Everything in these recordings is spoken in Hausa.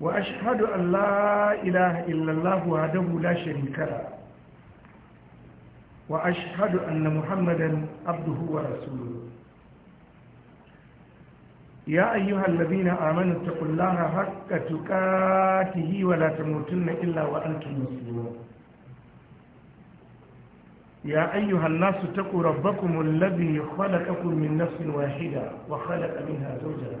wa ashhadu an la ilaha illallah wahdahu la sharika la wa ashhadu anna muhammadan abduhu wa rasuluhu ya ayyuhal ladina amanu taqullaha haqqa tuqatihi wa la tamutunna illa wa antum muslimun يا أيها الناس تقوا ربكم الذي خلقكم من نفس واحدة وخلق منها زوجها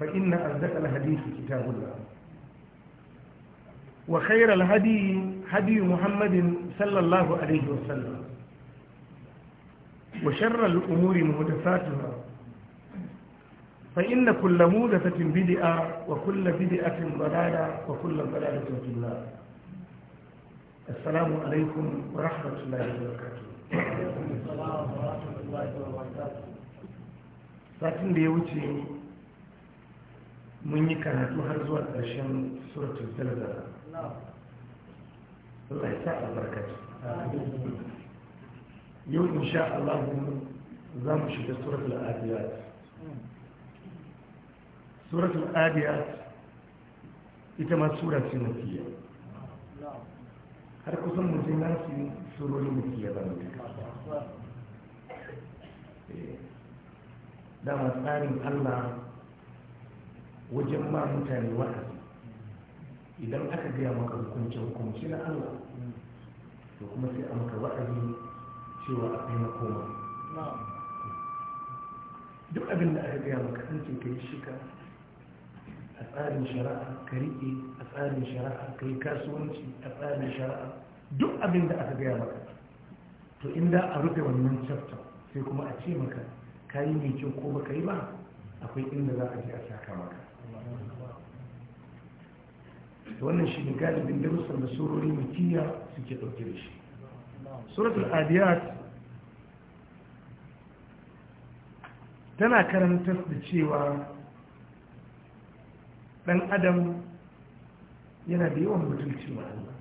فإن أصدق الحديث كتاب الله وخير الهدي هدي محمد صلى الله عليه وسلم وشر الأمور مهدفاتها فإن كل مودفة بدئة وكل بدئة ضلالة وكل ضلالة في الله السلام عليكم ورحمة الله وبركاته الله وبركاته. ya wuce mun yi karatu har zuwa ƙarshen suratun zalzala Allah ya sa albarkaci yau insha Allah za mu shiga suratun adiyat suratun adiyat ita ma suratun ce mafiya har kusan mutum na su surorin mafiya ba eh, dama tsarin Allah wajen ma mutane wa'azi idan aka gaya maka hukuncin hukunci na allah to kuma sai a maka wa'azi cewa akwai makoma duk abin da aka gaya maka an ce ka shika a tsarin shari'a ka riƙe a tsarin shari'a ka yi kasuwanci a tsarin shari'a duk abin da aka gaya maka to inda a rufe wannan chapter sai kuma a ce maka ka yi mai kyau ko baka yi ba akwai inda za a je a saka maka wannan shi ne galibin darussan da surori mutiya suke ɗauke da shi suratul adiyat tana karantar da cewa ɗan adam yana da yawan mutunci ma Allah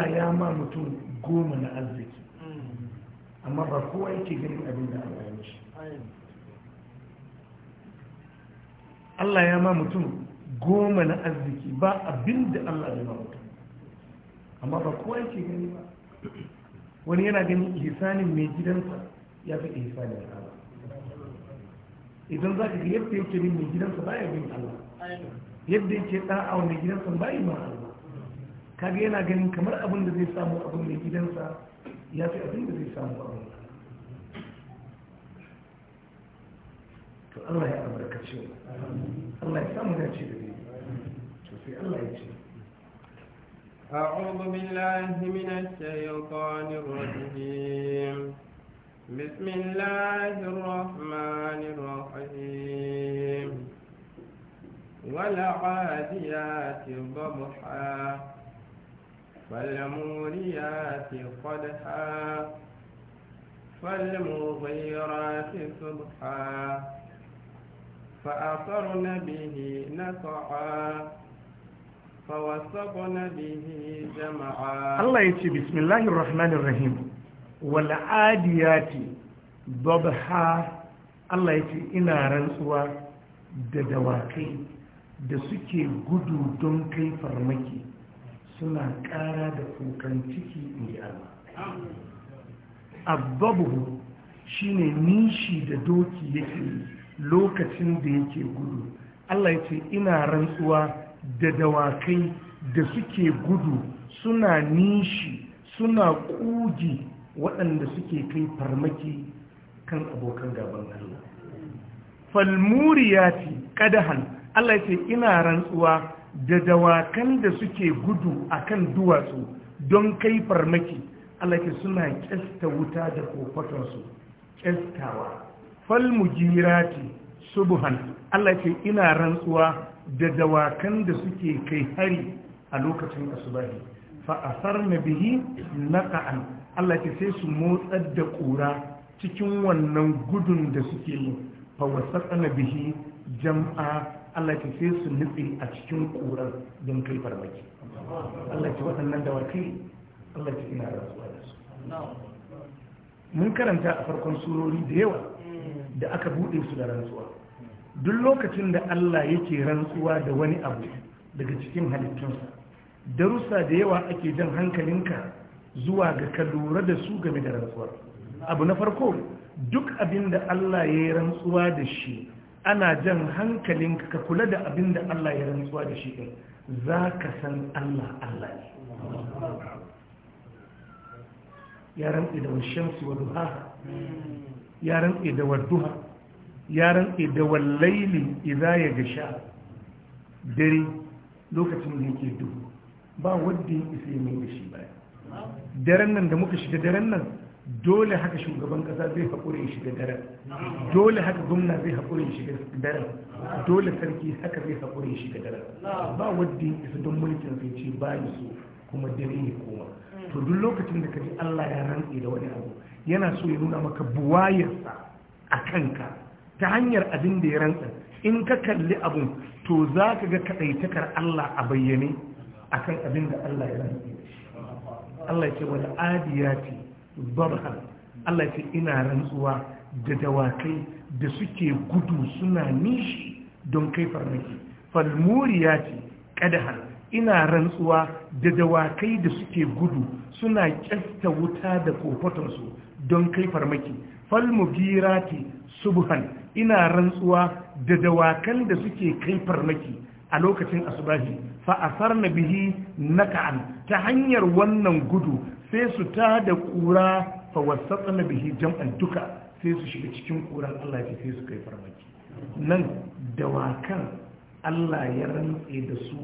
Allah ya ma mutum goma na arziki amma ba kowa yake ganin abin da Allah ya Allah ya ma mutum goma na arziki ba abin da Allah ya bauta amma ba kowa yake gani ba wani yana ganin ihsanin mai gidansa ya fi ihsanin Allah idan za ka ga yadda yake bin mai gidansa ba ya bin Allah yadda yake ɗa'a mai gidansa ba yi ma Allah kaga yana ganin kamar abin da zai samu abin mai gidansa ya fi abin da zai samu abin Allah الله يأمرك ya الله mu Allah ya samu dace da أعوذ بالله من الشيطان الرجيم بسم الله الرحمن الرحيم والعاديات ضبحا فالموريات قدحا فالمغيرات صبحا فأثرن به نقعا فوسطن به جمعا الله يتي بسم الله الرحمن الرحيم والعاديات ضبحا الله يتي إنا رنسوا دواقي da suke gudu don kai farmaki suna ƙara da kukan ciki mai Allah. Abbabu shi ne nishi da doki yake yi lokacin da yake gudu Allah ya ce ina rantsuwa da dawakai da suke gudu suna nishi suna ƙugi waɗanda suke kai farmaki kan abokan gaban Allah falmuriyati kadahan Allah ya ce ina rantsuwa da dawakan da suke gudu akan duwatsu don kai farmaki Allah ya ce suna kesta wuta da kofatarsu kestawa falmujirati subhan Allah ce ina rantsuwa da dawakan da suke kai hari a lokacin asubahi fa asarna bihi naqan Allah ce sai su motsar da kura cikin wannan gudun da suke yi fa wasaqna bihi jam'a Allah ce sai su nufi a cikin kurar don kai farmaki Allah ce waɗannan dawakai Allah ce ina rantsuwa da su mun karanta a farkon surori da yawa da aka buɗe su da rantsuwa duk lokacin da Allah yake rantsuwa da wani abu daga cikin halittunsa darussa da yawa ake jan hankalinka zuwa ga ka lura da su game da rantsuwar abu na farko duk abin da Allah ya yi rantsuwa da shi ana jan hankalinka ka kula da abin da Allah ya rantsuwa da shi ɗin za ka san Allah Allah ne ya rantsi da washen su wa duha ya rantse da wadduha ya rantse da wallaili idza ya gasha dare lokacin da yake duhu ba wanda ya isa ya mai shi ba daren nan da muka shiga daren nan dole haka shugaban kasa zai haƙura ya shiga daren dole haka gwamna zai haƙura ya shiga daren dole sarki haka zai haƙura ya shiga daren ba wadda isa don mulkin sai ce ba ya so kuma dare ya koma to duk lokacin da ka ji allah ya rantse da wani abu yana so ya nuna maka buwayarsa a kanka ta hanyar abin da ya rantsa in ka kalli abu to za ka ga kaɗaitakar Allah a bayyane a kan abin da Allah ya rantsa Allah ce wani adiyati barhan Allah ce ina rantsuwa da dawakai da suke gudu suna nishi don kai farmaki falmuriyati kadahar ina rantsuwa da dawakai da suke gudu suna kyasta wuta da kofatarsu don kai farmaki falmugirati subhan ina rantsuwa da dawakan da suke kai farmaki a lokacin asubahi fa asarna bihi naka'an ta hanyar wannan gudu sai su ta da kura fa wasatsana bihi jam'an duka sai su shiga cikin kuran Allah ya sai su kai farmaki nan dawakan Allah ya rantse da su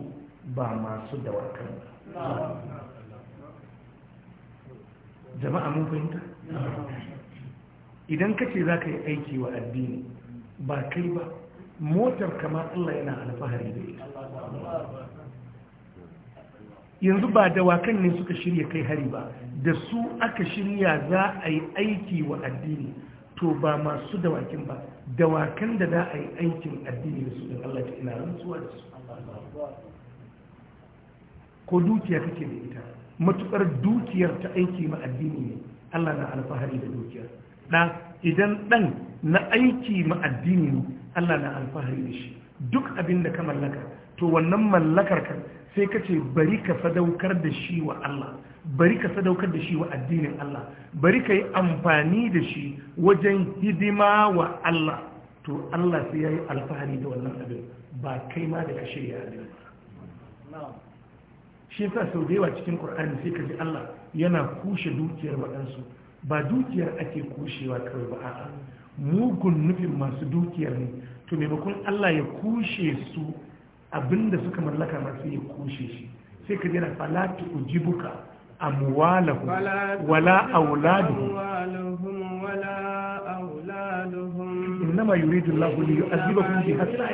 ba masu dawakan ba jama'a mun fahimta idan ka ce za ka yi aiki wa addini ba kai ba motar kama Allah yana alfahari da ita yanzu ba dawakan ne suka shirya kai hari ba da su aka shirya za a yi aiki wa addini to ba masu dawakin ba dawakan da za a yi aikin addini da su Allah ta ina rantsuwa da su ko dukiya kake da ita Matuƙar dukiyar ta aiki ma addini ne Allah na alfahari da dukiyar da idan dan na aiki ma addini ne Allah na alfahari da shi duk abin da ka mallaka to wannan mallakar ka sai ka ce bari ka sadaukar da shi wa Allah bari ka sadaukar da shi wa addinin Allah bari ka yi amfani da shi wajen hidima wa Allah to Allah sai ya yi alfahari da wannan abin ba kai ma da ka shirya abin shi yasa sau da yawa cikin qur'ani sai ka ji Allah yana kushe dukiyar waɗansu ba dukiyar ake kushewa kawai ba a'a mugun nufin masu dukiyar ne to maimakon Allah ya kushe su abinda suka mallaka masu ya kushe shi sai ka jira fala ujibuka amwalahu wala auladuhu إنما يريد الله dunya wa li الدنيا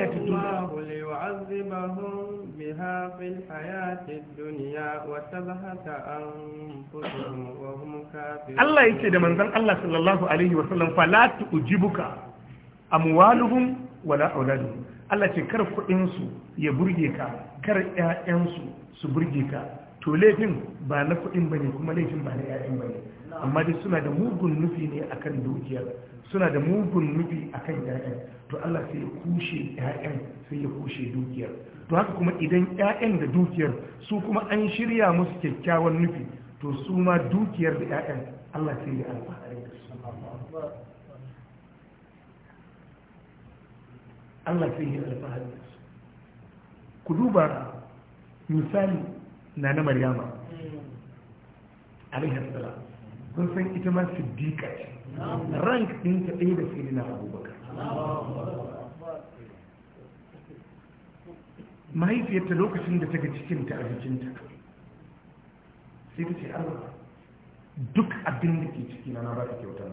بها في الحياة الدنيا وتبهت أنفسهم وهم كافرون الله يكيد من ذن الله صلى الله عليه وسلم فلا تؤجبك أموالهم ولا أولادهم Allah ce kar kuɗinsu ya burge ka kar ‘ya'yansu su burge ka to laifin ba na kuɗin ba ne kuma laifin ba na yayin ba ne amma dai suna da mugun nufi ne kan dukiyar suna da mugun nufi a kan yayan to Allah sai ya kushe yayan sai ya kushe dukiyar to haka kuma idan yayan da dukiyar su kuma an shirya musu kyakkyawan nufi to su ma dukiyar da yayan Allah sai ya alfahari da su Allah sai ya alfahari ku duba misali na na maryama alaihi salam kun san ita ma siddiqa ce rank din ta ɗaya da na abubakar mahaifiyarta lokacin da ta ga cikinta a ta sai ta ce allah duk abin da ke ciki na ba ta kyautar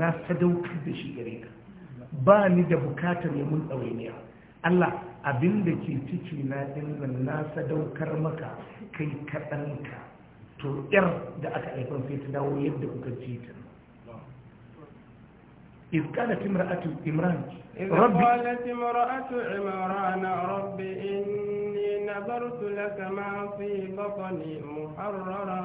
na sadaukar da shi gare ka ba ni da bukatar ya mun ɗawainiya Allah abin da ke ciki na ɗin na sadaukar maka kai kaɗanka to yar da aka aifan sai ta dawo yadda kuka ji ta إذ قالت امرأة عمران رب قالت امرأة عمران رب إني نذرت لك ما في بطني محررا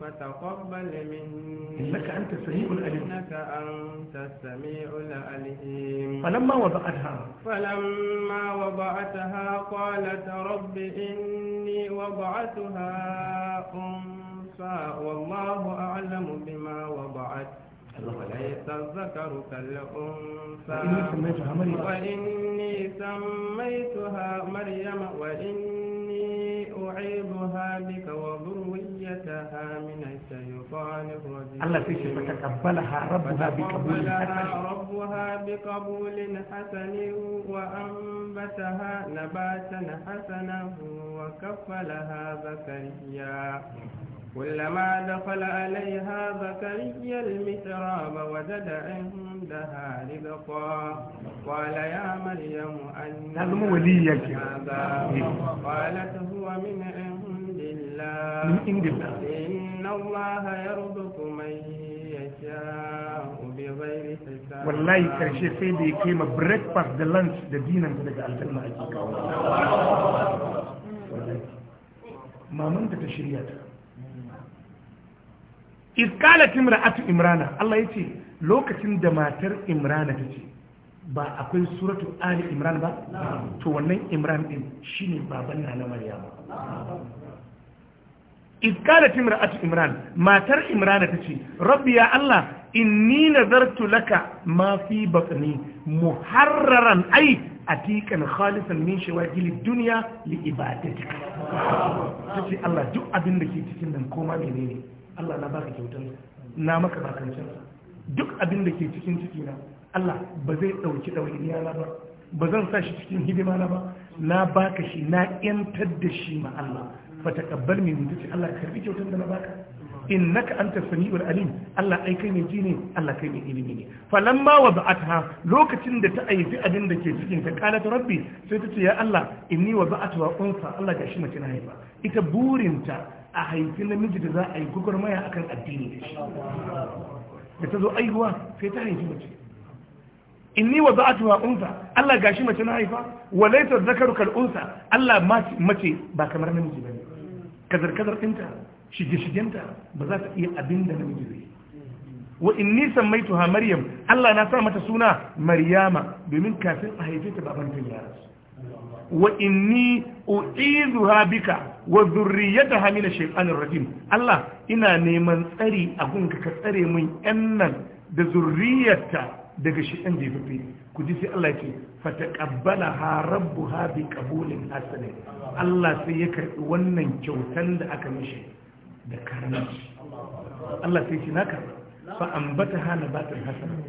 فتقبل مني إنك أنت السميع الأليم إنك أنت السميع الأليم فلما وضعتها فلما وضعتها قالت رب إني وضعتها أنثى والله أعلم بما وضعت وليس الذكر كالأنثى وإني سميتها مريم وإني tu'ibuha bika wa dhurriyyataha min ash-shaytani rajim Allah sai shi takabbala rabbuha bi qabulin hasan rabbuha bi qabulin hasan wa ambataha nabatan hasanan wa kaffalaha zakariya كلما دخل عليها زكريا المحراب وجد عندها رزقا قال يا مريم أن وليك هذا إيه. قالت هو من عند الله إن الله يرزق من يشاء بغير حساب والله كرشي سيدي كيما بريكفاست ذا لانش ذا دينا بدك الجنة مامنتك izkalat imra'atu imrana Allah yace lokacin da matar imrana ce, ba akwai suratu ali imran ba to wannan imran din shine baban na maryam izkalat imra'atu imran matar imrana tace rabbi ya Allah inni nazartu laka ma fi batni muharraran ai atikan khalisan min shawagili duniya li ibadatika tace Allah duk abin da ke cikin nan koma menene Allah na baka kyautan na maka bakancin duk abin da ke cikin ciki na Allah ba zai dauki dawainiya na ba ba zan sa shi cikin hidima na ba na baka shi na yantar da shi ma Allah fa taqabbal min tace Allah karbi kyautar da na baka innaka anta samiul alim Allah ai kai ne ji ne Allah kai ne ilimi ne falamma wada'atha lokacin da ta aifi abin da ke cikin ta qalat rabbi sai ta ce ya Allah inni wa unsa Allah gashi mace na haifa ita burinta a haifi namiji da za a yi gwagwarmaya akan addini da shi da ta zo aihuwa sai ta haifi mace inni wa za'atu wa unsa Allah gashi mace na haifa wa laysa zakaru kal unsa Allah mace ba kamar namiji bane kazar kazar dinta shige shigenta ba za ta iya abin da namiji zai wa inni sammaituha maryam Allah na sa mata suna maryama domin kafin a haife ta baban ta ya rasu wa inni u'izuha bika wa zurriyataha min ash rajim Allah ina neman tsari a gunka ka tsare mun yan nan da zurriyarta daga shaytan da yafi ku ji sai Allah yake fataqabbalaha rabbuha bi qabulin hasanin Allah sai ya karbi wannan kyautan da aka mishi da karanci Allah sai shi naka fa ambataha nabatan hasana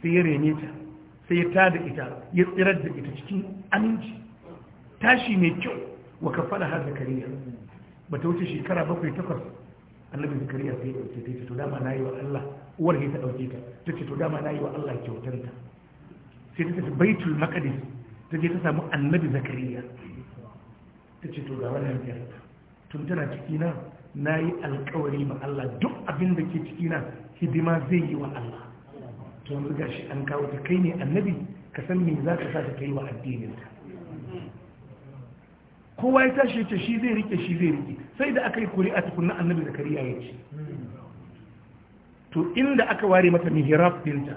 sai ya ta sai ya tada ita ya tsirar da ita cikin aminci tashi mai kyau wa kafara har zakariya ba ta wuce shekara bakwai takwas annabi zakariya sai ya ɗauke ta ce to dama na yi wa Allah uwar ta ɗauke ta ta ce to dama na yi wa Allah kyautanta sai ta tafi baitul maqdis ta je ta samu annabi zakariya ta ce to ga wannan biyar tun tana cikina na yi alkawari ma Allah duk abin da ke cikina hidima zai yi wa Allah to yanzu gashi an kawo ta kai ne annabi ka san me za ka sa ta kai wa addininka kowa ya tashi ce shi zai rike shi zai rike sai da aka yi kuri'a tukunna annabi zakariya ya ce to inda aka ware mata mihrab dinta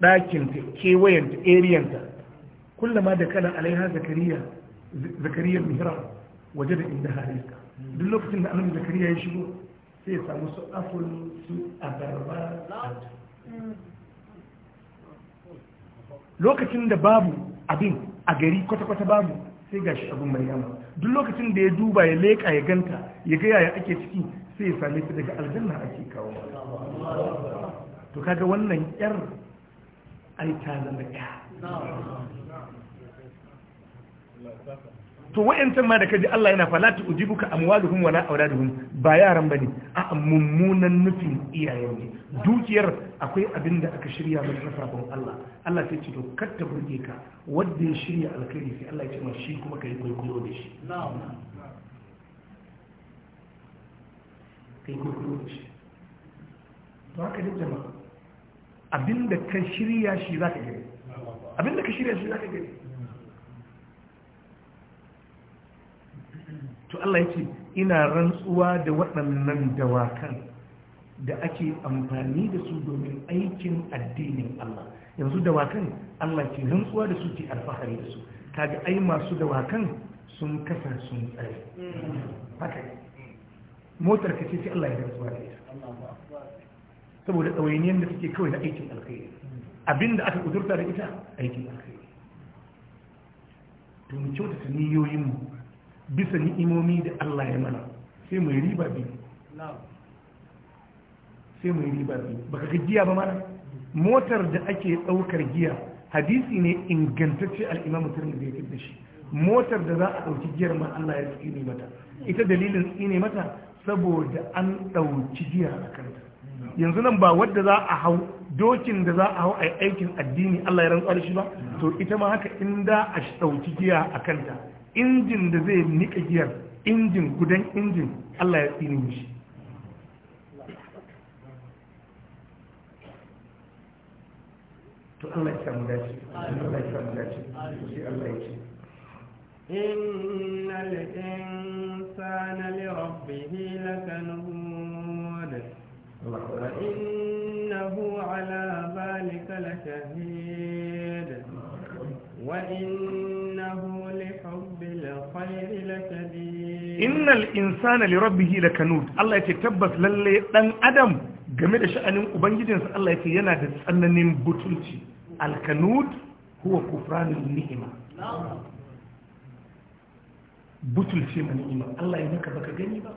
ɗakinta kewayenta ariyanta kullama da kala alaiha zakariya zakariya mihrab waje da inda harisa duk lokacin da annabi zakariya ya shigo sai ya samu su aful su abarba lokacin da babu abin a gari kwata-kwata babu sai ga shi abin mai yamma duk lokacin da ya duba ya leƙa ya ganta ya ga yaya ake ciki sai ya same ta daga aljanna ake kawo to kaga wannan yar aita ta zama to wa'yancan ma da kaji Allah yana fala ta ujibuka amwaluhum wala auladuhum ba yaran bane a mummunan nufin iyayen ne dukiyar akwai abin da aka shirya mana na sabon Allah Allah sai ce to katta burge ka wanda ya shirya alkhairi sai Allah ya ce ma shi kuma kai kwaikwayo da shi kai kwaikwayo da shi to haka ne jama'a abin da ka shirya shi zaka gani abin da ka shirya shi zaka gani Allah ce ina rantsuwa da waɗannan dawakan da ake amfani da su domin aikin addinin Allah yanzu dawakan Allah ke rantsuwa da su ke alfahari da su kaga ai masu dawakan sun kasa sun tsare haka motar ka ce sai Allah ya rantsuwa da ita saboda ɗawainiyar da suke kawai na aikin alkhairi abinda aka kudurta da ita aikin alkhairi to kyautata niyoyinmu bisa ni'imomi da Allah ya mana sai mai riba bi sai mai riba bi baka ga giya ba mana motar da ake daukar giya hadisi ne ingantacce al-Imam da ya da shi motar da za a dauki giyar ma Allah ya tsine mata ita dalilin tsine mata saboda an dauki giya a kanta yanzu nan ba wadda za a hau dokin da za a hau a aikin addini Allah ya rantsar shi ba to ita ma haka inda a dauki giya a kanta injin da zai nika giyar injin gudan injin Allah ya tsini mishi to Allah ya samu dace Allah ya samu dace sai Allah ya ce innal insana li lakanud ala zalika lashahid إنه لحب الخير لكبير إن الإنسان لربه لكنود الله يتكبس للي دان أدم game da sha'anin ubangijinsa Allah yake yana da tsananin butulci alkanud huwa kufranin ni'ima butulci ma ni'ima Allah ya maka baka gani ba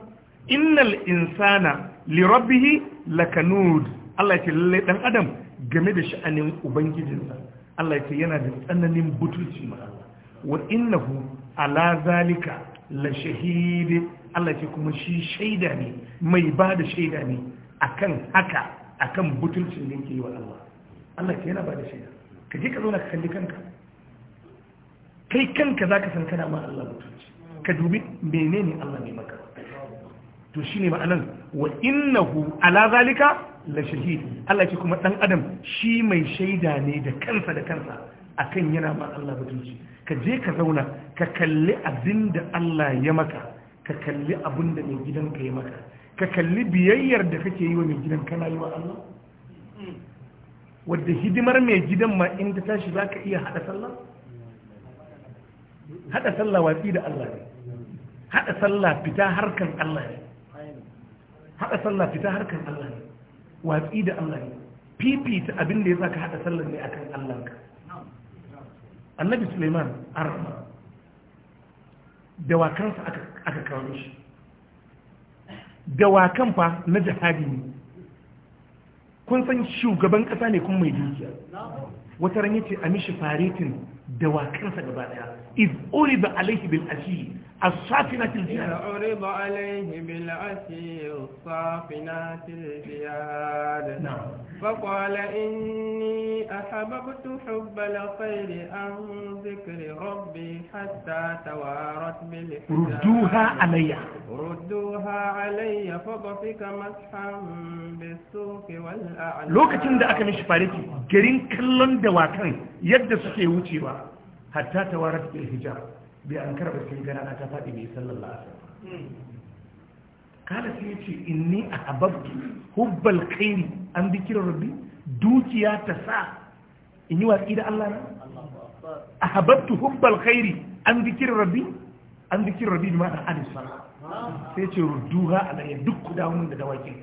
innal insana li rabbih lakanud Allah yake lalle dan adam game da sha'anin ubangijinsa Allah yana da tsananin butulci ma wa innahu ala zalika la shahid Allah ce kuma shi shaida ne mai ba da shaida ne akan haka akan butulcin da yake yi wa Allah Allah ke yana ba da shaida ka je ka zo ka kalli kanka kai kanka za ka san kana ma Allah butulci ka dubi menene Allah to shine ma'anan ala zalika la Allah ce kuma adam shi mai shaida ne da kansa da kansa a kan yana ba Allah mutunci ka je ka zauna ka kalli abin da Allah ya maka ka kalli abin da mai gidanka ya maka ka kalli biyayyar da kake yi wa mai gidan kana yi wa Allah wadda hidimar mai gidan ma in ta tashi za ka iya haɗa sallah haɗa sallah watsi da Allah ne haɗa sallah fita harkan Allah ne haɗa sallah fita harkan Allah ne watsi da Allah ne fifita abin da ya za ka haɗa sallah ne akan Allah ka annabi suleiman arama dawakansa aka kawo shi dawakan fa na jihadi ne kun san shugaban kasa ne kun mai dukiya wata ran yace a mishi faretin dawakansa gaba daya iz uriba alaihi bil ashi الصافنة الجياد عرض عليه بالعشي الصافنات الجياد نعم فقال إني أحببت حب الخير عن ذكر ربي حتى توارت بالحجاب ردوها علي ردوها علي فضفك مسحا بالسوق والأعناق لو دا أكا مش فاريكي جرين كلن دواكن يد سكي وتيوا حتى توارت بالحجاب bai an karba sai ga rana ta faɗi mai sallar la'asar kala sai ce in ni a hababtu hubbal kairi an zikirar rabbi dukiya ta sa in yi watsi da Allah na a hababtu hubbal kairi an zikirar rabbi an zikirar rabbi ma da alisana sai ce rudduha alayya duk kudamun da dawakin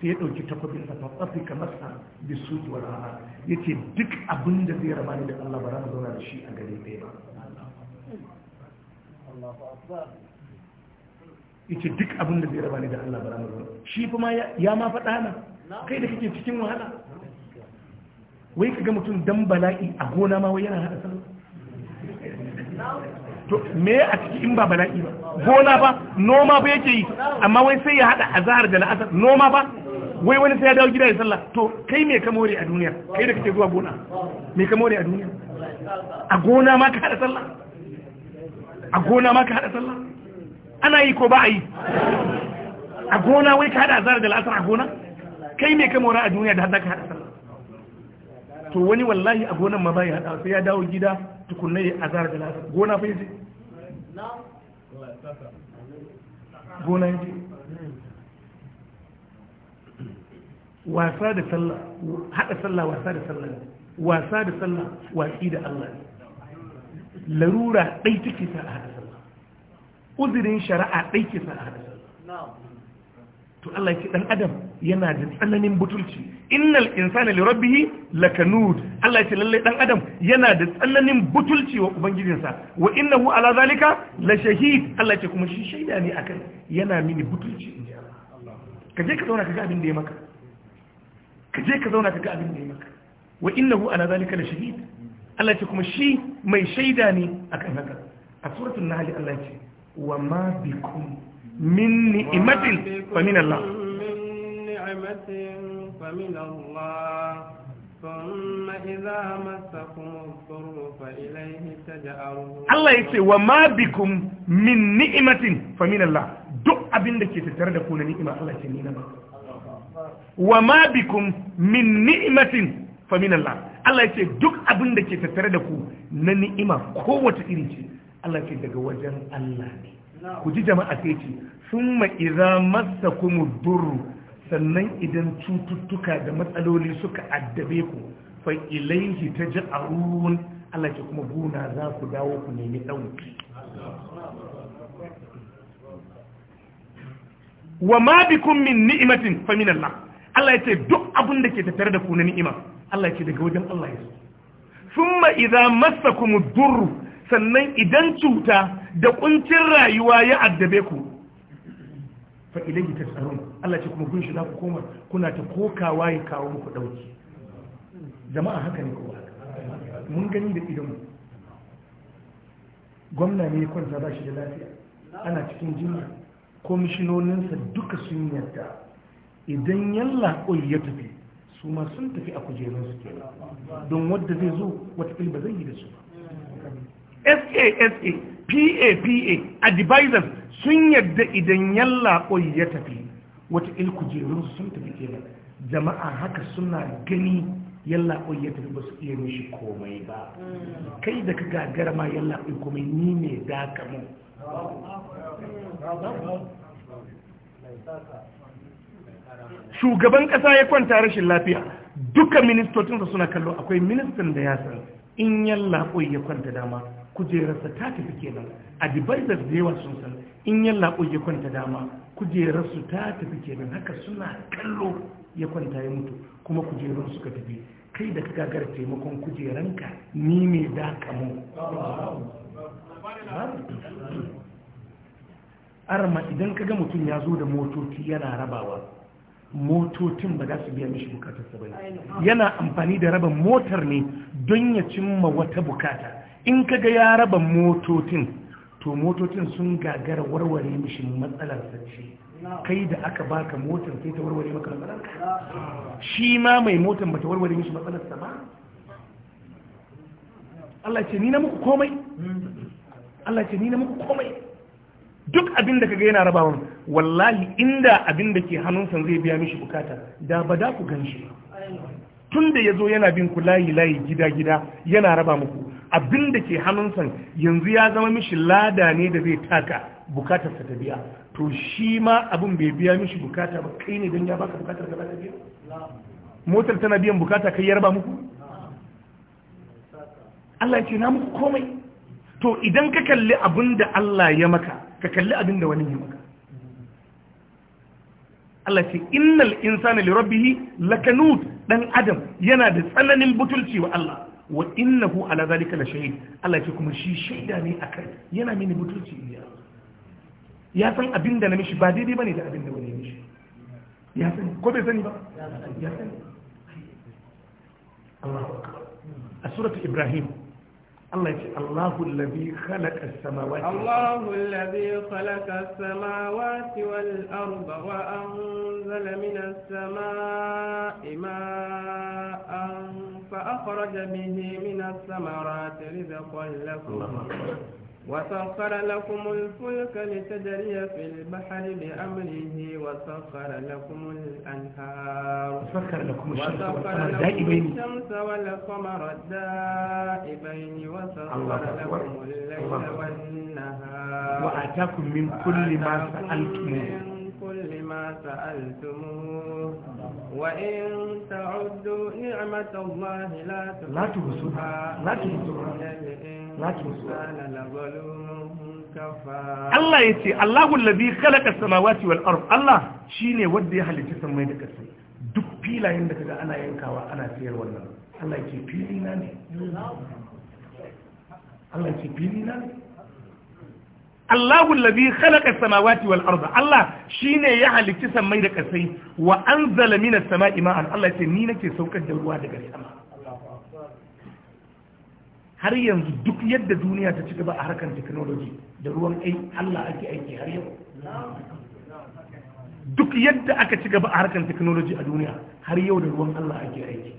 sai ya ɗauki takobin sa fatsafi ka masa da suki wa rana ya ce duk abin da zai rama ni da Allah ba za mu zauna da shi a gare ɗaya ba ita duk abin da zai raba ni da Allah bara mu shi ma ya ma faɗa na kai da kake cikin wahala wai kaga mutum dan bala'i a gona ma wai yana hada sallah to me a ciki in ba bala'i ba gona ba noma ba yake yi amma wai sai ya hada azhar da la'asar noma ba wai wani sai ya dawo gida ya sallah to kai me ka more a duniya kai da kake zuwa gona me ka more a duniya a gona ma ka hada sallah a gona ma ka hada sallah ana yi ko ba a yi a gona wai ka hada azhar da la'asar a gona kai me ka mora a duniya da hada ka hada sallah to wani wallahi a gonan ma bai hada sai ya dawo gida tukunna ya azhar da la'asar gona fa yaje gona yaje wasa da sallah hada sallah wasa da sallah wasa da sallah watsi da Allah ne larura ɗai take sa a haɗa sallah uzurin shari'a ɗai ke sa a haɗa sallah to Allah ya ce dan adam yana da tsananin butulci innal insana li rabbih lakanud Allah ya ce lalle dan adam yana da tsananin butulci wa ubangijinsa wa innahu ala zalika la shahid Allah ya ce kuma shi shaida ne akan yana mini butulci in ka je ka zauna ka ga abin da ya maka ka je ka zauna ka ga abin da ya maka wa innahu ala zalika la shahid Allah ce kuma shi mai shaida ne kan haka a na hali Allah ce wa ma bikum min ni'matin fa min Allah Allah ya ce wa ma bikum min ni'imatin fa min Allah duk abin da ke tattare da ku na ni'ima Allah ce ni na ba wa ma bikum min ni'imatin famin Allah Allah ya ce duk abin da ke tattare da ku na ni'ima kowace iri ce Allah ce daga wajen Allah ne ku ji jama'a sai ce summa masa kuma duru sannan idan cututtuka da matsaloli suka addabe ku fa ilaihi taj'arun Allah ce kuma guna za ku dawo ku nemi ɗauki wa ma bikum min ni'imatin fa Allah Allah ya ce duk abin da ke tattare da ku na ni'ima Allah ce daga wajen Allah ya so iza masa kuma duru sannan idan cuta da kuncin rayuwa ya addabe ku fa ta tsaron Allah ce kuma kun shi za ku koma kuna ta kokawa ya kawo muku dauki jama'a haka ne kowa mun gani da idanmu gwamna ne kwanta ba shi da lafiya ana cikin jinya komishinoninsa duka sun yarda idan yalla ya tafi su ma sun tafi a kujerun su ke don wadda zai zo watakil ba zai yi da su SASA PAPA advisors sun yadda idan yalla ya tafi watakil kujerun su sun tafi kenan jama'a haka suna gani yalla ya tafi ba su iya mishi komai ba kai da ka gagara ma yalla komai ni ne da kamu shugaban ƙasa ya kwanta rashin lafiya duka ministocinsa suna kallo akwai ministan da ya san in yalla koi ya kwanta dama kujerarsa ta tafi kenan a da yawa sun san in yalla koi ya kwanta dama kujerarsu ta tafi kenan haka suna kallo ya kwanta ya mutu kuma kujerun suka tafi kai da ka gara taimakon kujeranka ni ne da kamo arma idan kaga mutum ya zo da motoci yana rabawa motocin ba za su biya mishi sa ba yana amfani da raba motar ne don ya cimma wata bukata in kaga ya raba motocin to motocin sun gagara warware mishi matsalar ce. kai da aka baka motar sai ta warware maka matsalar shi ma mai motar bata warware mishi matsalar sa ba Allah ce ni na muku komai Allah ce ni na muku komai duk abin da kaga yana rabawa wallahi inda abin da ke hannunsa zai biya mishi bukata da ba da ku gan shi tun da ya zo yana bin ku layi layi gida gida yana raba muku abin da ke hannunsa yanzu ya zama mishi lada ne da zai taka bukatarsa ta biya to shi ma abin bai biya mishi bukata ba kai ne don ya baka bukatar gaba ta biya motar tana biyan bukata kai ya raba muku Allah ce na muku komai to idan ka kalli abin da Allah ya maka ka kalli abin da wani ya maka Allah ce innal insana li rabbih lakanud dan adam yana da tsananin butulci wa Allah wa innahu ala zalika la shahid Allah ce kuma shi shaida ne akan yana mini butulci ya ya san abin da na mishi ba daidai bane da abin da wani mishi ya san ko bai sani ba ya san Allahu akbar a suratul ibrahim الله الله الذي خلق السماوات الله الذي خلق السماوات والأرض وأنزل من السماء ماء فأخرج به من الثمرات رزقا لكم وسخر لكم الفلك لتجري في البحر بأمره وسخر لكم الأنهار وسخر لكم الشمس والقمر الدائبين وسخر لكم الليل والنهار وآتاكم من كل ما سألتموه كل ما سألتموه وإن تعدوا نعمة الله لا تحصوها لا تحصوها Allah ya ce Allahu labi khalaqa samawati wal ard Allah shi ne wadda ya halitta sammai da ƙasa duk filayen da kaga ana yankawa ana siyar wannan Allah ke fili na ne Allah ke fili na ne Allahu labi khalaqa samawati wal ard Allah shine ya halitta sammai da ƙasai wa anzala minas sama'i ma'an Allah ya ce ni nake saukar da ruwa daga sama har yanzu duk yadda duniya ta ci gaba a harkar technology da ruwan ai Allah ake aiki har yau duk yadda aka ci gaba a harkar technology a duniya har yau da ruwan Allah ake aiki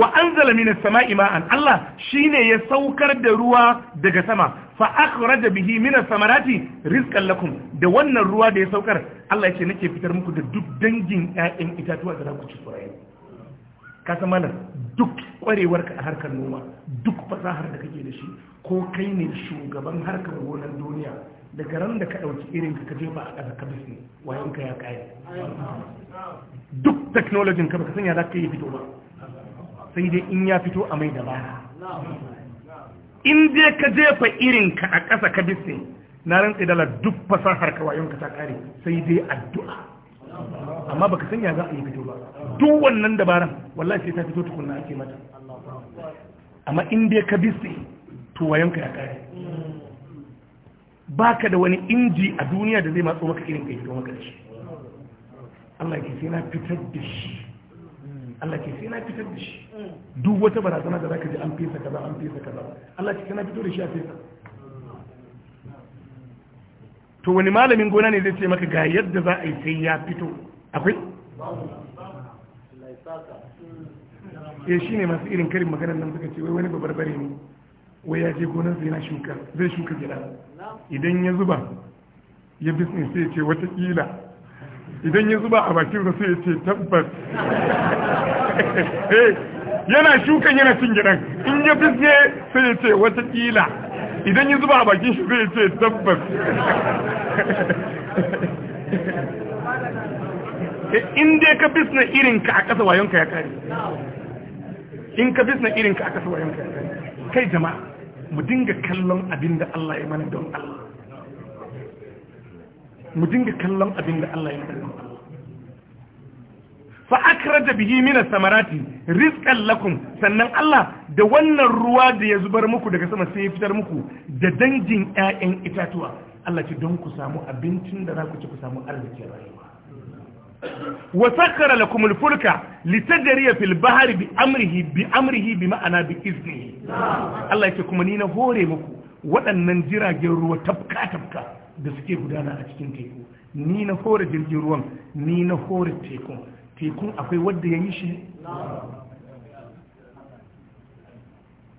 wa anzala minas sama'i ma'an Allah shine ya saukar da ruwa daga sama fa akhraja bihi minas samarati rizqan lakum da wannan ruwa da ya saukar Allah ya ce nake fitar muku da duk dangin ƴaƴan itatuwa da za ku ci su ka zama malam duk kwarewarka a harkar noma duk fasahar da kake da shi ko kai ne shugaban harkar gonar duniya daga ran da ka ɗauki irin ka jefa a ƙasa ka bisne wayan ka ya kaya duk technology ka baka sanya za ka yi fito ba sai dai in ya fito a mai da baya in dai ka jefa irin ka a ƙasa ka bisne na rantsi dala duk fasahar ka wayan ka ta kare sai dai addu'a amma baka sanya za a yi fito duk wannan dabaran wallahi sai ta fito tukunna ake mata amma in dai ka bisi to wayanka ya kare baka da wani inji a duniya da zai matso maka irin kai don maka shi Allah ke sai na fitar da shi Allah ke sai na fitar da shi duk wata barazana da zaka ji an fesa kaza an fesa kaza Allah ke sai na fito da shi a fesa to wani malamin gona ne zai ce maka ga yadda za a yi sai ya fito akwai ya eh, shi ne masu irin karin maganar nan suka ce wai wani babarbare ne wai ya je zai na shuka zai shuka gida idan ya zuba ya bisne sai ya ce watakila idan ya zuba a bakin sai ya ce tabbas eh, yana shukan yana cin gidan in ya bisne sai ya ce watakila idan ya zuba a bakin shi sai ya ce tabbas in dai ka bisna irin ka a ƙasa wayonka ya kare in ka bisna irin ka a ƙasa wayonka ya kare kai jama'a mu dinga kallon abin da Allah ya mana don Allah mu dinga kallon abin da Allah ya mana don Allah fa akraja bihi min samarati rizqan lakum sannan Allah da wannan ruwa da ya zubar muku daga sama sai ya fitar muku da dangin ƴaƴan itatuwa Allah ce don ku samu abincin da za ku ci ku samu arzikin rayuwa wa sakkara lakum al-fulka litajriya fil bahri bi amrihi bi ma'ana bi iznihi Allah yake kuma ni na hore muku waɗannan jiragen ruwa tafka tafka da suke gudana a cikin teku ni na hore jirgin ruwan ni na hore tekun tekun akwai wanda ya yi shi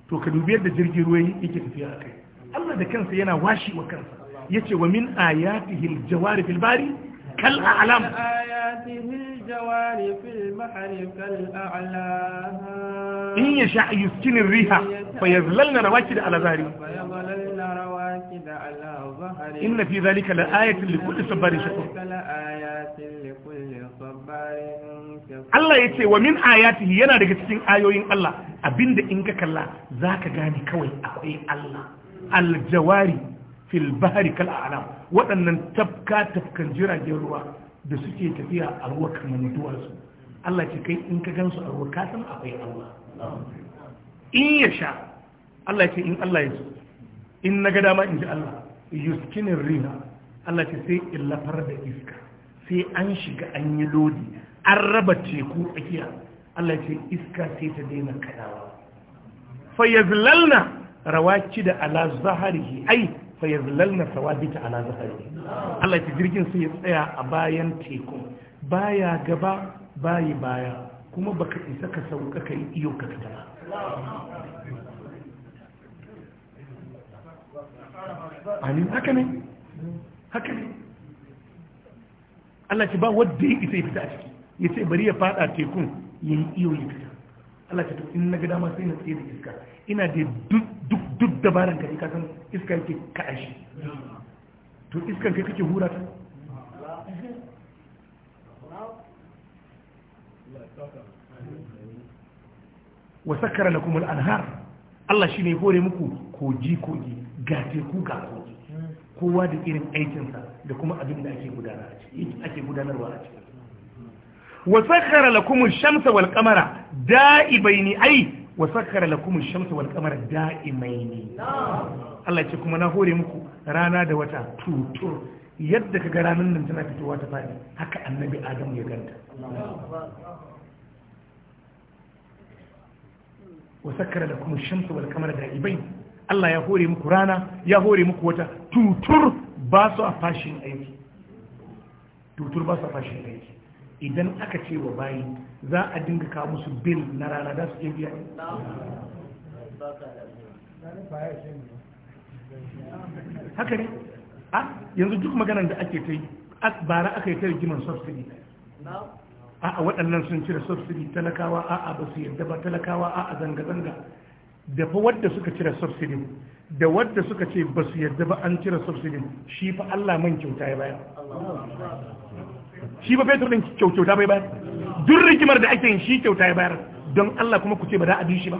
to ka dubi yadda jirgin ruwa yake tafiya a kai Allah da kansa yana washi wa kansa yace wa min ayatihi al-jawari fil كالأعلم آياته الجوار في البحر كالأعلام إن يشاء يسكن الريح فيظللن رواكد على ظهره فيظللن رواكد على ظهره إن في ذلك لآية لكل صبار شكور لآيات لكل صبار Allah ya ce wa min ayatihi yana daga cikin ayoyin Allah abinda in ka kalla za ka gane kawai akwai Allah aljawari fil bahari kal a'lam waɗannan tafka tafkan jiragen ruwa da suke tafiya a ruwa kamar duwatsu Allah ce kai in ka gansu a ruwa ka san akwai Allah in ya sha Allah ce in Allah ya so in na ga dama in ji Allah yuskinin rina Allah ce sai in lafar da iska sai an shiga an yi lodi an raba teku tsakiya Allah ce iska sai ta daina kadawa fa yazlalna rawaki da ala zaharihi ai fa sawadika ala zahari Allah ya jirgin sai ya tsaya a bayan teku baya gaba bayi baya kuma baka isa ka sauka ka yi iyo ka fita ba amin haka ne haka ne Allah ce ba wadda ya isa ya fita a ciki ya ce bari ya fada tekun ya yi iyo ya fita Allah ta in na ga dama sai na tsaye da iska ina da duk duk dabaran ka ka san iska yake kaɗa shi to iska kai kake hura ta wa sakara lakum al-anhar Allah shine ya hore muku koji koji ga teku ga koji kowa da irin aikinsa da kuma abin da ake gudanarwa a ciki wa sakhara lakum ash-shamsa wal qamara da'ibaini ai wa sakhara lakum ash-shamsa wal qamara Allah ce kuma na hore muku rana da wata tutur yadda kaga ranar nan tana fitowa ta fadi haka annabi Adam ya ganta wa sakhara shamsa wal Allah ya hore muku rana ya hore muku wata tutur ba su a fashin aiki tutur ba su a fashin aiki idan aka ce wa bayi za a dinga kawo musu bil na rana da su biya haka ne a yanzu duk maganar da ake ta yi bara aka yi ta rigimar subsidi a waɗannan sun cire subsidi talakawa a a ba su yadda ba talakawa a a zanga-zanga da fa wadda suka cire subsidi da wadda suka ce ba su yadda ba an cire subsidi shi fa Allah man kyauta ya bayar shi ba fetur din kyauta bai bayar duk rigimar da ake yin shi kyauta ya bayar don Allah kuma ku ce ba za a bi shi ba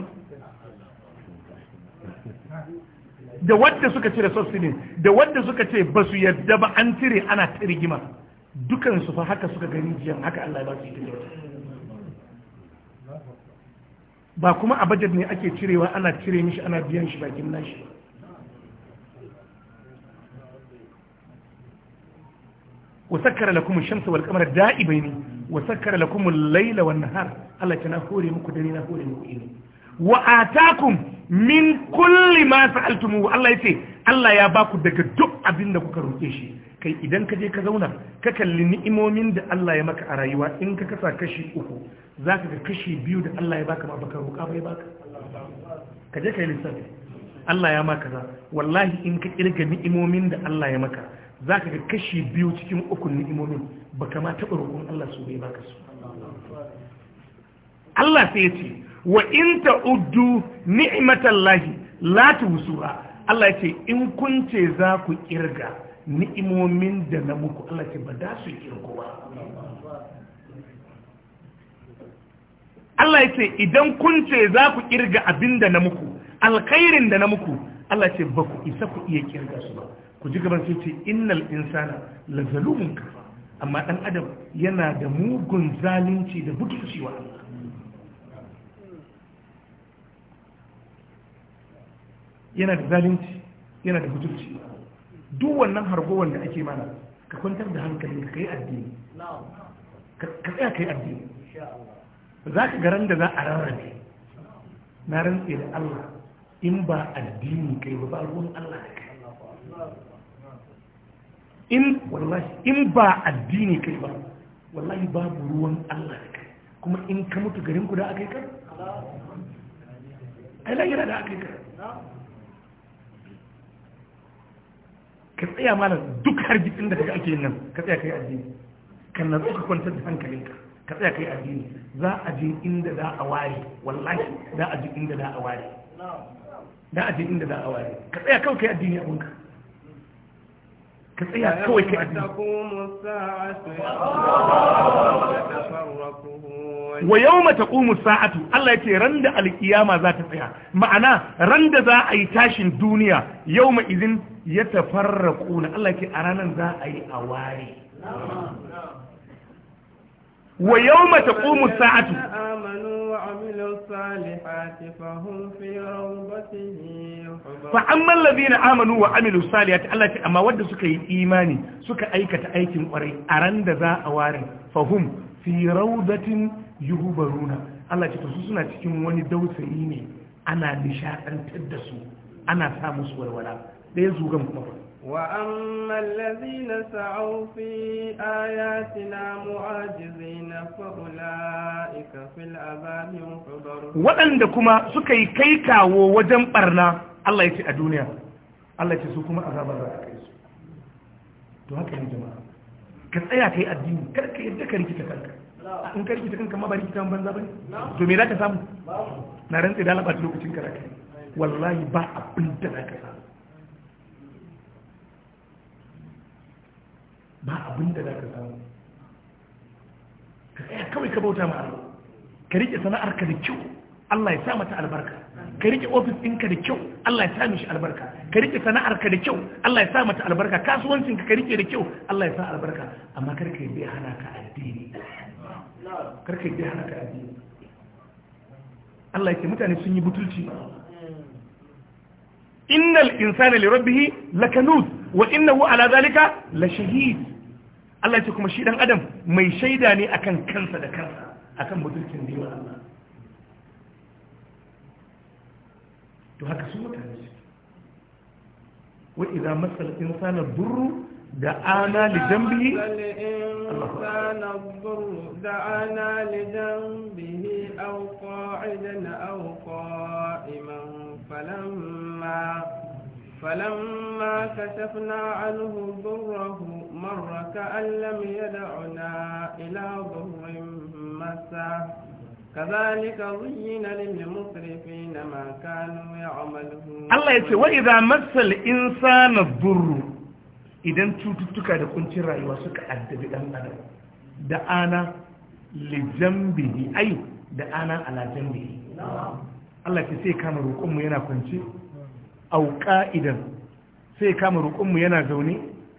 da wadda suka cire subsidy da wadda suka ce ba su yadda ba an cire ana ta rigima dukan su fa haka suka gani jiyan haka Allah ya ba su ita ba kuma a budget ne ake cirewa ana cire mishi ana biyan shi bakin nashi وسكر لكم الشمس والقمر دائبين وسكر لكم الليل والنهار الله كان هوري مكو درينا هوري مكو إلي وآتاكم من كل ما سألتموه الله يتي الله يا باكو دك دك أبين دك كروكيشي kai idan ka ka zauna ka kalli ni'imomin da Allah ya maka a rayuwa in ka kasa kashi uku za ka ga kashi biyu da Allah ya baka ba baka roƙa baka ka je ka lissafi Allah ya maka za wallahi in ka kirga ni'imomin da Allah ya maka za ka ga kashi biyu cikin ukun ni'imomin ba kama taɓa roƙon Allah su bai baka su Allah sai ya ce wa in ta'uddu ni'matallahi la tuhsuha Allah ya ce in kun ce za ku kirga ni'imomin da na muku Allah ce ba da su kirgo ba Allah ya ce idan kun ce za ku kirga abin da na muku alkhairin da na muku Allah ce ba ku isa ku iya kirga su ba ku ji gaban sai ce innal insana la zalumun kafa amma dan adam yana da mugun zalunci da butulci wa yana da zalunci yana da butulci duk wannan hargowar da ake mana ka kwantar da hankali ka kai addini ka tsaya kai addini za ka garan da za a rarrabe na rantse da Allah in ba addini kai ba ba ruwan Allah da kai in wallahi in ba addini kai ba wallahi babu ruwan Allah da kai kuma in ka mutu garin ku da aka yi kar ai lahira da aka yi ka tsaya mana duk har jikin da kaga ake yin nan ka tsaya kai addini kan nan ka kwantar da hankalinka ka tsaya kai addini za a je inda za a ware wallahi za a je inda za a ware za a je inda za a ware ka tsaya kawai kai addini abunka ka tsaya kawai ka yi wa yau mata ƙumu sa'atu Allah ya ce ran da alkiyama za ta tsaya ma'ana ran da za a yi tashin duniya yau ma izin ya tafarra ƙuna Allah ya ce a ranar za a yi a ware wa yau mata ƙumu sa'atu fa amman ladina amanu wa amilu salihati Allah ce amma wanda suka yi imani suka aikata aikin kwarai a ran da za a ware fahum fi rawdatin Yuhubaruna. Allah ce su suna cikin wani dausayi ne ana nishaɗantar da su ana sa musu walwala ɗaya zugan kuma وأما الذين سعوا في آياتنا معاجزين فأولئك في العذاب محضرون وأن كما سكي كيكا ووجن برنا الله يتي الدنيا الله يتي سكما عذاب الله to haka ne jama'a ka tsaya kai addini kar ka yadda ka rikita kanka in ka rikita kanka ma ba rikitan banza bane to me za ka samu na rantsi da labar lokacin ka wallahi ba za ka ba abin da za ka samu ka tsaya kawai ka bauta ma Allah ka riƙe sana'arka da kyau Allah ya sa mata albarka ka riƙe ofis ɗinka da kyau Allah ya sa mishi albarka ka riƙe sana'arka da kyau Allah ya sa mata albarka kasuwancin ka riƙe da kyau Allah ya sa albarka amma kar ka yi hana ka addini kar ka yi hana ka addini Allah ya ce mutane sun yi butulci innal insana li rabbih lakanut wa innahu ala zalika la shahid Allah ce kuma shi dan adam mai shaida ne akan kansa da kansa akan mutuncin da yawa Allah to haka su mutane su wa idza masal insana durru da ana li dambihi insana durru da ana li dambihi aw qa'idan aw qa'iman falamma فلما كشفنا عنه ضره مر كأن لم يدعنا إلى ضر مسه كذلك زين للمسرفين ما كانوا يعملون الله يقول وإذا مس الإنسان الضر idan cututtuka da kuncin rayuwa suka addabi dan adam da ana lijambihi ai da ana ala jambihi Allah ke sai kama roƙonmu yana kwanci Auka'idan sai kama rukunmu yana zaune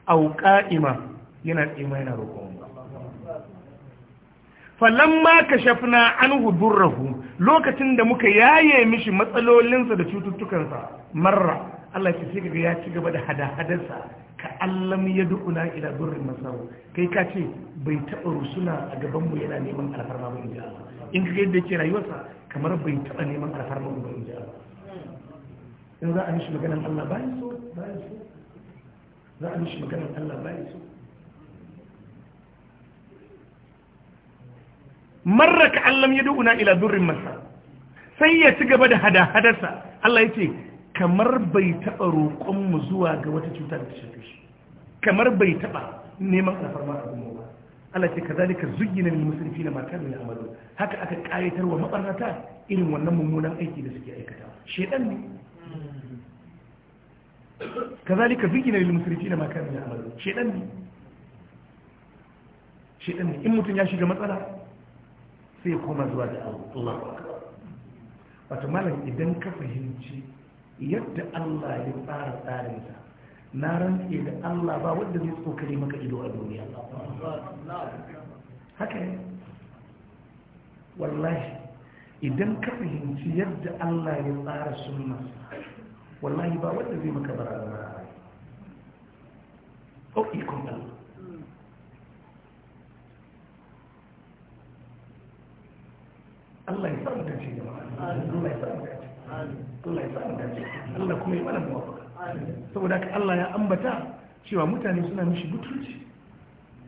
auka'ima yana tsima yana rukunmu falamma kashafna anhu lokacin da muka yaye mishi matsalolinsa da cututtukansa marra Allah ya ce ya ci gaba da hada-hadarsa ka allam ya du'una ila durrin masau kai ka ce bai taɓa rusuna a gaban mu yana neman alfarma ba in ji Allah in kaga yadda yake rayuwarsa kamar bai taɓa neman alfarma ba in ji Allah in za a mishi maganan Allah bayan so bayan so za a mishi maganan Allah bayan so marraka Allah ya du'una ila durin masa sai ya ci gaba da hada-hadarsa Allah ya ce kamar bai taɓa roƙonmu zuwa ga wata cuta da shafi shi kamar bai taɓa neman alfarma a ba Allah ce kazalika zuyyina na matar ne kanu Amadu. haka aka ƙayatar wa mabarnata irin wannan mummunan aiki da suke aikata shedan ne kazalika zikina na musrifina ma kanu ya'malun shedan ne shedan ne in mutum ya shiga matsala sai kuma zuwa da Allah wato malam idan ka fahimci yadda Allah ya tsara tsarinsa na ran rantse da Allah ba wanda zai tsokare maka ido a duniya haka ne wallahi idan ka fahimci yadda Allah ya tsara sunna wallahi ba wanda zai maka barazana a rai o ba, Allah Allah ya samu da da Allah ya samu Allah ya samu dace Allah kuma ya mana muwafaka saboda haka Allah ya ambata cewa mutane suna mishi mutunci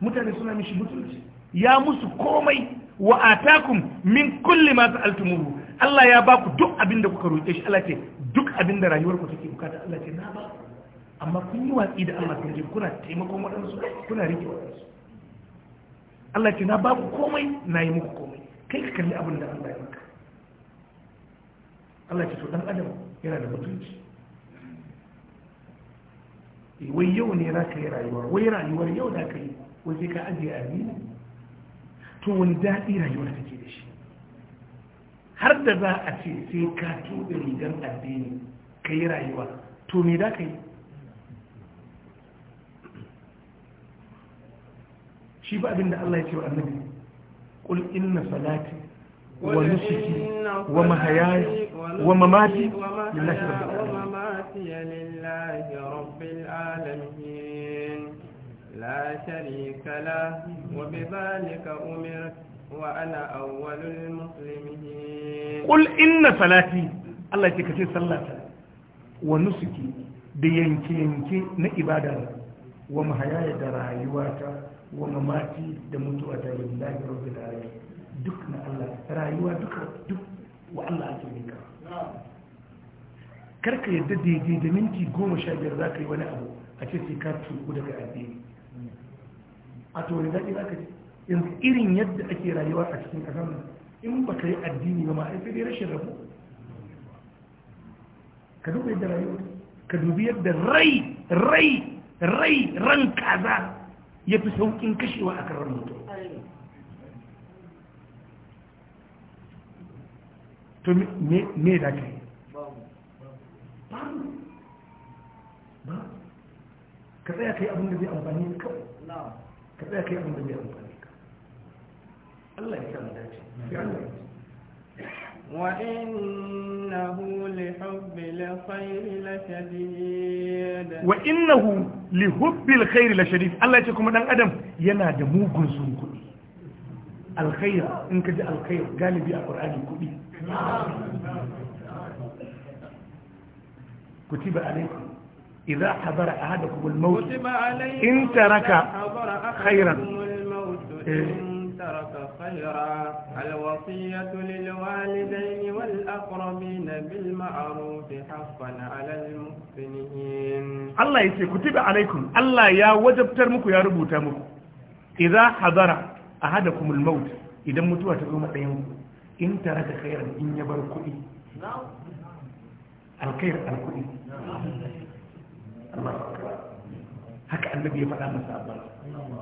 mutane suna mishi mutunci ya musu komai wa atakum min kulli ma sa'altumuhu Allah ya ba ku duk abin da kuka roƙe shi Allah ce duk abin da ku take bukata Allah ce na ba amma kun yi watsi da Allah kun je kuna taimakon waɗansu kuna rike waɗansu Allah ce na ba ku komai na yi muku komai kai ka kalli abin da Allah ya maka Allah ce to dan adam yana da mutunci eh, wai yau ne za ka yi rayuwar wai rayuwar yau da ka yi wai sai ka ajiye amina to wani daɗi rayuwar take da shi har da za a ce sai ka tuɓe rigar addini ka yi rayuwa to me da ka yi shi ba abin da Allah ya ce wa annabi kul inna salati wa nusuki wa mahayaya wa mamati lillahi rabbil alamin لا شريك له وبذلك أمرت وأنا أول المسلمين قل إن صلاتي الله يتكتي صلاتي ونسكي da yanke-yanke na ibada wa mahayaya da rayuwata wa mamati da mutuwa ta lillahi rabbil alamin duk na Allah rayuwa duka duk wa Allah ake nika karka yadda daidai da minti goma sha biyar za ka yi wani abu a ce sai ka tuku daga addini a to da daɗi yanzu irin yadda ake rayuwa a cikin ƙasar nan in ba ka yi addini ba ma ai sai rashin rabu ka duba yadda rayuwa ka dubi yadda rai rai rai ran kaza ya fi sauƙin kashewa a karar mutum to me da ke ka tsaya ka yi abin da zai amfani kawai كذلك يكون بدي أن تلك الله يكلم ذلك في وإنه لحب الخير لشديد وإنه لحب الخير لشديد الله يتكلم عن أدم ينادى موقن سنكني الخير إنك جاء الخير قال لي بأقرآن الكبير كتب عليكم إذا حضر أحدكم الموت إن ترك خيرا إن ترك خيرا الوصية للوالدين والأقربين بالمعروف حقا على المحسنين الله يسي كتب عليكم الله يا وجب ترمك يا ربو ترمك إذا حضر أحدكم الموت إذا متوا تقوم أيامكم إن ترك خيرا إن يبركوا الخير الكئي haka annabi ya faɗa masa abin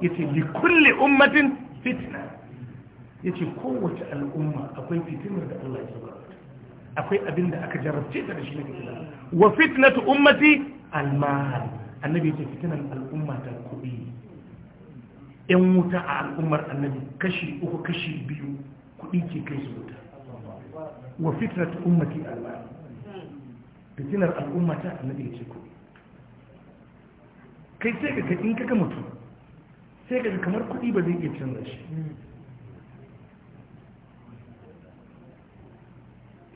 ya ce li kulle ummatin fitna ya ce kowace al'umma akwai fitinar da Allah ya zuba akwai abin da aka jarabce ta da shi na fitina wa fitnatu ummati almal annabi ya ce fitinar al'umma ta kuɗi yan wuta a al'ummar annabi kashi uku kashi biyu kuɗi ke kai su wuta wa fitnatu ummati almal fitinar al'umma ta annabi ya ce kuɗi kai sai ka in ga mutum sai ka kamar kuɗi ba zai iya canza shi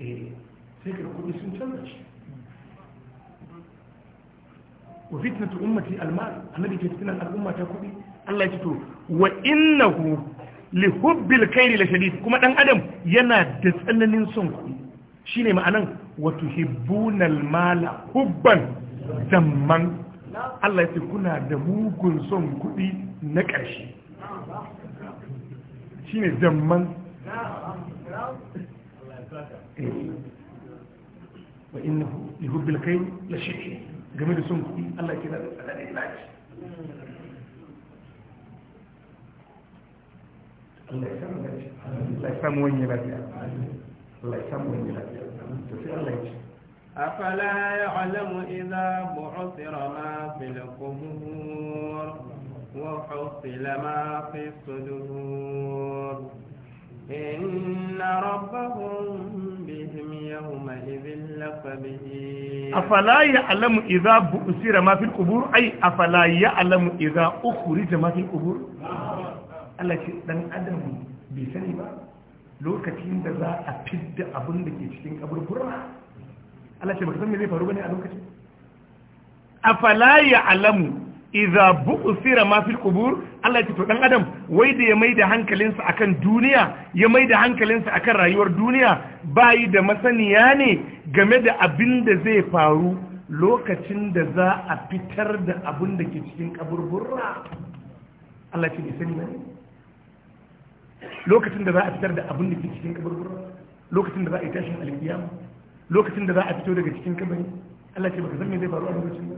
eh, sai ka kuɗi sun canza shi wa fitnatu ummati almal annabi ke fitinan al'umma ta kuɗi Allah ya to wa innahu li hubbil khairi la shadid kuma dan adam yana da tsananin son kuɗi shine ma'anan wa tuhibbuna almala hubban zamman Allah ya ce kuna da mugun son kuɗi na ƙarshe shi ne zamman eh. wa inna yuhubbil kai la shi game da son kuɗi Allah ya ce na da tsananin lafi Allah ya samu wani lafiya Allah ya samu wani lafiya to sai Allah ya samu wani ce أفلا يعلم إذا بعثر ما في القبور وحصل ما في الصدور إن ربهم بهم يومئذ لخبير أفلا يعلم إذا بعثر ما في القبور أي أفلا يعلم إذا أخرج ما في القبور Allah ce dan adam bai sani ba lokacin da za a fidda abin da ke cikin kaburbura Allah ce baka san me zai faru bane a lokacin afala ya alamu idza bu'thira ma fil qubur Allah ce to dan adam wai da ya mai da hankalinsa akan duniya ya mai da hankalinsa akan rayuwar duniya bayi da masaniya ne game da abin da zai faru lokacin da za a fitar da abin da ke cikin kaburburra Allah ce sani ba lokacin da za a fitar da abin da ke cikin kaburburra lokacin da za a yi tashin alkiyama lokacin da za a fito daga cikin kabari Allah ce baka san me zai faru a lokacin ba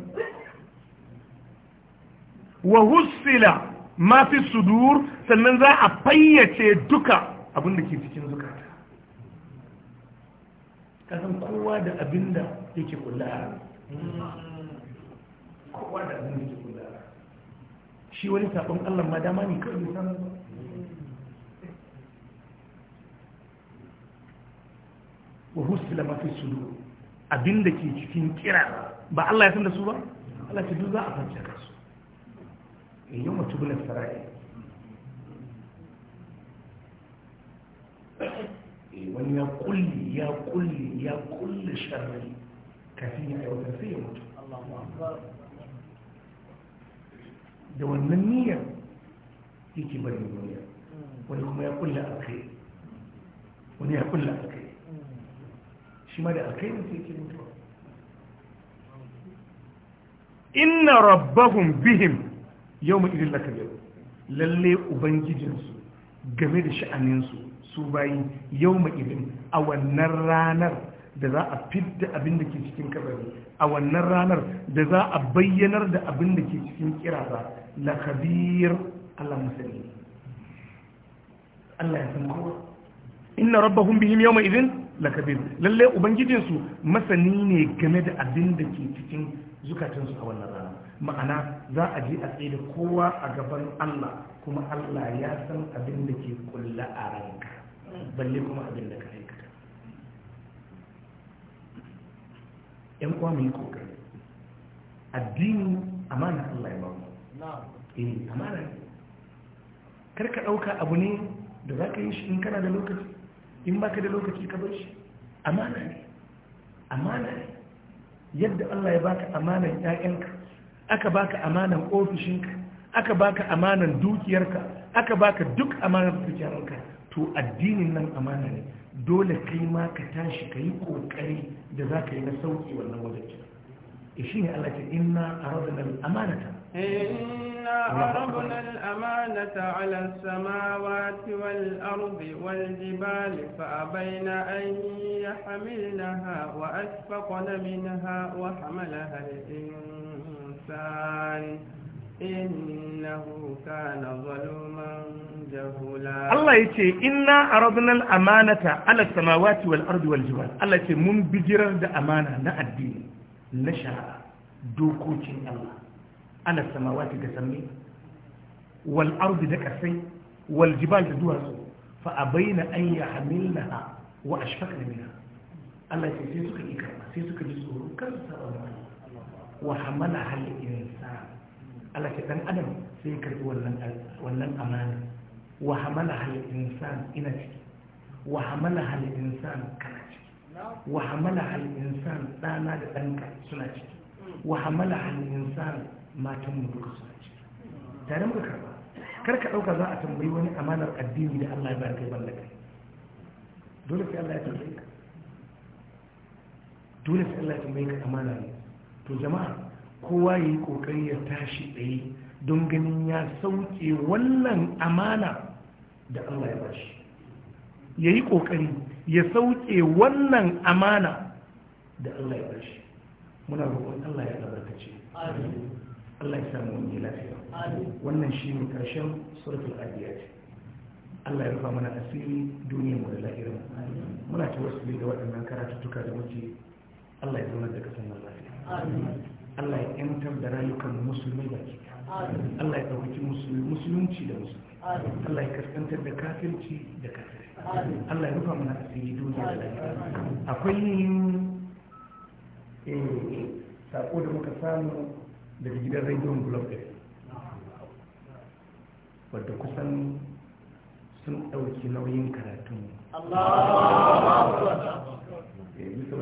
wa husila ma fi sudur sannan za a fayyace duka abin da ke cikin zukata kasan kowa da abin da yake kula kowa da abin da yake kula shi wani sabon Allah ma dama ne kawai وهسل ما في الصدور أبندك في كرا با الله يسند سوا الله تدو ذا أفنجا رسو اليوم تبنى السرائي ومن يقول يقول يقول شر كثير أو كثير الله أكبر دو النمية يكبر النمية ولكم يقول لا أكي ولكم يقول لا أكي shi ma da yi sai ke mutuwa inna rabbahum bihim Yau yawma idin lakabir lalle ubangijinsu game da sha'aninsu su bayi yawma idin a wannan ranar da za a fidda abin da ke cikin kabari a wannan ranar da za a bayyanar da abin da ke cikin kirara lakabir Allah masani Allah ya san kowa inna rabbahum bihim yawma idin lakabin lalle su masani ne game da abin da ke cikin zukatansu a wannan rana ma'ana za a je a tsaye kowa a gaban Allah kuma Allah ya san abin da ke kulla a ranka balle kuma abin da ka aikata yan uwa mu yi kokari addini amana Allah ya ba mu eh amana kar ka dauka abu ne da za ka yi shi in kana da lokaci in ba ka da lokaci ka bar shi amana ne amana ne yadda Allah ya baka amanan ƴaƴanka aka baka amanan ofishinka aka baka amanan dukiyarka aka baka duk amanar dukiyarka to addinin nan amana ne dole kai ma ka tashi ka yi ƙoƙari da za ka yi na sauƙi wannan wajen shi ne Allah ce inna aradna al-amanata inna aradna al-amanata ala as-samawati wal jibali fa wa Allah ya ce, ina a razunan amanata Allah samawati wal ardi wal jibal Allah ce, Mun bijirar da amana na addini na shari'a dokokin Allah ana samawati ga sami wal ardi da kasai wal jibal da duwatsu fa abaina an yahmilnaha wa ashfaqna minha Allah ya sai suka ika karba sai suka ji tsoro kan wani, wa hamala hal insan Allah ya dan adam sai karbi wannan wannan amana wa hamala hal insan ina ciki wa hamala hal insan kana ciki wa hamala hal insan dana da danka suna ciki wa hamala hal insan matan mu duka suna ciki tare muka karba kar ka dauka za a tambayi wani amanar addini da Allah ya bayar kai balla kai dole sai Allah ya tambaye ka dole sai Allah ya tambaye ka amana ne to jama'a kowa yayi kokari ya tashi tsaye don ganin ya sauke wannan amana da Allah ya bashi yayi kokari ya sauke wannan amana da Allah ya bashi muna roƙon Allah ya albarkace Allah ya samu wani lafiya wannan shi ne ƙarshen suratul adiyat Allah ya rufa mana asiri duniya mu da lahirin muna ta wasu da waɗannan karatuttuka da muke Allah ya zama da kasan lafiya Allah ya yantar da rayukan musulmai ke Allah ya ɗauki musulunci da musulmi Allah ya kaskantar da kafirci da kafir Allah ya rufa mana asiri duniya da lafiya akwai eh, sako da muka samu daga gidan rediyon Globe FM wadda kusan sun ɗauki nauyin karatun Allah eh, bisa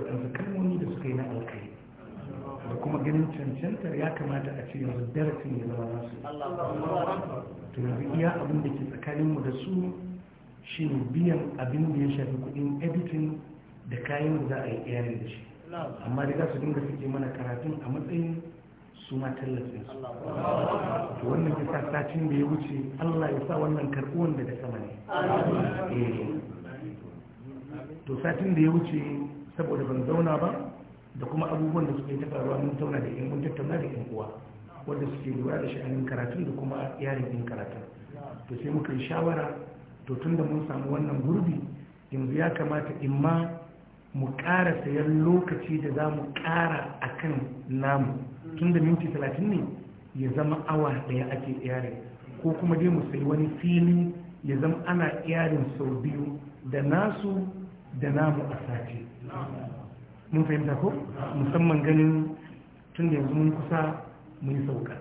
ganin cancantar ya kamata a ce yanzu darasin ya zama nasu to yanzu iya abin da ke tsakaninmu da su shi ne biyan abin da ya shafi kudin editing da kayan da za a yi iyalin da shi amma da za su dinga suke mana karatun a matsayin su ma tallafin su to wannan ya sa satin da ya wuce allah ya sa wannan karɓuwan daga sama ne eh. to satin da ya wuce saboda ban zauna ba da kuma abubuwan da suke tafaruwa mun tauna da mun tattauna da yan uwa wanda suke lura da sha'anin karatun da kuma yarin din karatun to sai muka yi shawara to tun da mun samu wannan gurbi yanzu ya kamata in ma mu ƙara sayan lokaci da za mu ƙara a kan namu tun da minti talatin ne ya zama awa ɗaya ake yarin ko kuma dai mu sayi wani fili ya zama ana yarin sau biyu da nasu da namu a sati mun fahimta ko musamman ganin tun da yanzu mun kusa mun yi sauka